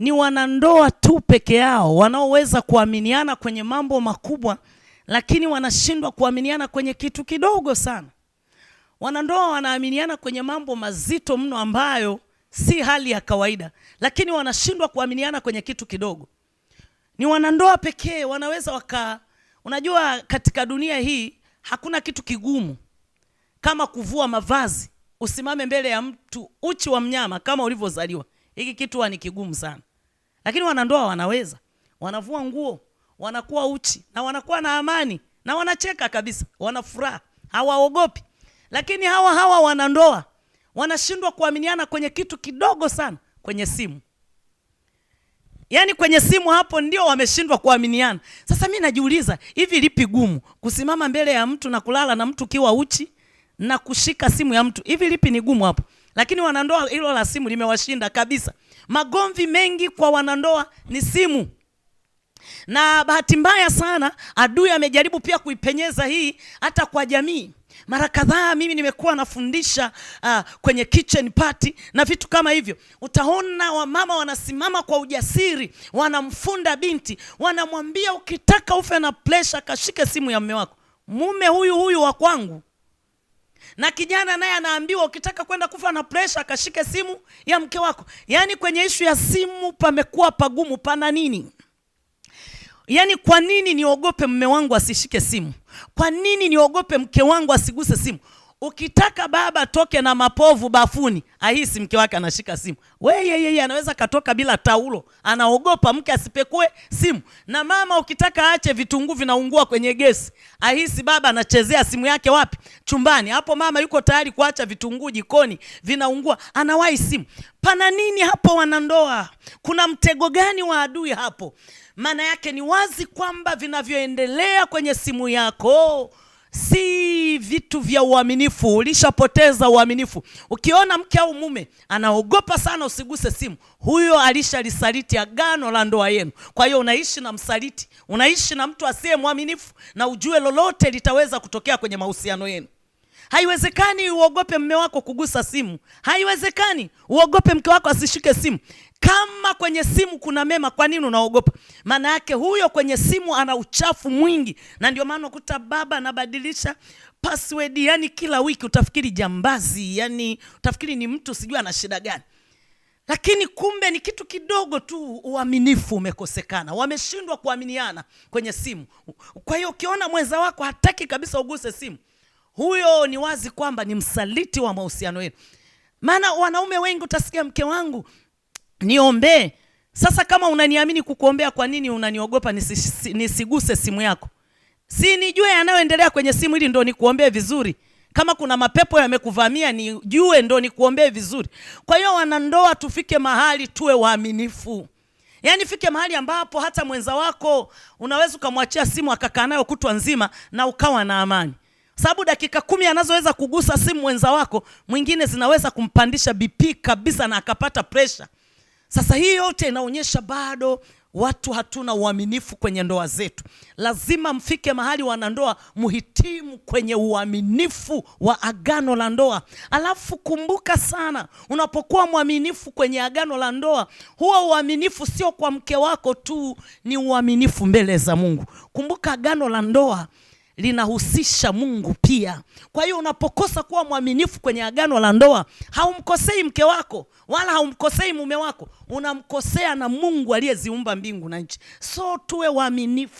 ni wanandoa tu peke yao wanaoweza kuaminiana kwenye mambo makubwa, lakini wanashindwa kuaminiana kwenye kitu kidogo sana. Wanandoa wanaaminiana kwenye mambo mazito mno ambayo si hali ya kawaida, lakini wanashindwa kuaminiana kwenye kitu kidogo. Ni wanandoa pekee wanaweza waka, unajua katika dunia hii hakuna kitu kigumu kama kuvua mavazi, usimame mbele ya mtu uchi wa mnyama kama ulivyozaliwa. Hiki kitu ni kigumu sana. Lakini wanandoa wanaweza, wanavua nguo, wanakuwa uchi na wanakuwa na amani na wanacheka kabisa, wana furaha, hawaogopi. Lakini hawa hawa wanandoa wanashindwa kuaminiana kwenye kitu kidogo sana, kwenye simu. Yaani kwenye simu hapo ndio wameshindwa kuaminiana. Sasa mi najiuliza, hivi lipi gumu, kusimama mbele ya mtu na kulala na mtu kiwa uchi na kushika simu ya mtu? Hivi lipi ni gumu hapo? Lakini wanandoa hilo la simu limewashinda kabisa. Magomvi mengi kwa wanandoa ni simu, na bahati mbaya sana adui amejaribu pia kuipenyeza hii hata kwa jamii. Mara kadhaa mimi nimekuwa nafundisha uh, kwenye kitchen party na vitu kama hivyo. Utaona wamama wanasimama kwa ujasiri, wanamfunda binti, wanamwambia ukitaka ufe na pressure, kashike simu ya mume wako, mume huyu huyu wa kwangu na kijana naye anaambiwa ukitaka kwenda kufa na presha, akashike simu ya mke wako. Yaani kwenye ishu ya simu pamekuwa pagumu, pana nini? Yaani kwa nini niogope mme wangu asishike simu? Kwa nini niogope mke wangu asiguse simu? Ukitaka baba toke na mapovu bafuni, ahisi mke wake anashika simu. We yeye anaweza katoka bila taulo, anaogopa mke asipekue simu. Na mama ukitaka aache vitunguu vinaungua kwenye gesi, ahisi baba anachezea simu yake wapi? Chumbani. Hapo mama yuko tayari kuacha vitunguu jikoni vinaungua, anawahi simu. Pana nini hapo wanandoa? Kuna mtego gani wa adui hapo? Maana yake ni wazi kwamba vinavyoendelea kwenye simu yako si vitu vya uaminifu. Ulishapoteza uaminifu. Ukiona mke au mume anaogopa sana, usiguse simu, huyo alishalisaliti agano la ndoa yenu. Kwa hiyo unaishi na msaliti, unaishi na mtu asiye mwaminifu, na ujue lolote litaweza kutokea kwenye mahusiano yenu. Haiwezekani uogope mme wako kugusa simu. Haiwezekani uogope mke wako asishike simu. Kama kwenye simu kuna mema, kwa nini unaogopa? Maana yake huyo kwenye simu ana uchafu mwingi, na ndio maana ukuta baba anabadilisha password yani kila wiki, utafikiri jambazi, yani utafikiri ni mtu sijui ana shida gani lakini kumbe ni kitu kidogo tu. Uaminifu umekosekana, wameshindwa kuaminiana kwenye simu. Kwa hiyo ukiona mwenza wako hataki kabisa uguse simu, huyo ni wazi kwamba ni msaliti wa mahusiano yenu. Maana wanaume wengi utasikia, mke wangu niombee. Sasa kama unaniamini kukuombea, kwa nini unaniogopa nisi, nisiguse simu yako? Si nijue yanayoendelea kwenye simu ili ndo nikuombee vizuri kama kuna mapepo yamekuvamia nijue ndo nikuombee vizuri. Kwa hiyo wanandoa, tufike mahali tuwe waaminifu, yaani fike mahali ambapo hata mwenza wako unaweza ukamwachia simu akakaa nayo kutwa nzima na ukawa na amani sababu dakika kumi anazoweza kugusa simu mwenza wako mwingine zinaweza kumpandisha BP kabisa na akapata presha. Sasa hii yote inaonyesha bado watu hatuna uaminifu kwenye ndoa zetu. Lazima mfike mahali wanandoa muhitimu kwenye uaminifu wa agano la ndoa. Alafu kumbuka sana, unapokuwa mwaminifu kwenye agano la ndoa, huwa uaminifu sio kwa mke wako tu, ni uaminifu mbele za Mungu. Kumbuka agano la ndoa linahusisha Mungu pia. Kwa hiyo unapokosa kuwa mwaminifu kwenye agano la ndoa, haumkosei mke wako wala haumkosei mume wako, unamkosea na Mungu aliyeziumba mbingu na nchi. So tuwe waaminifu.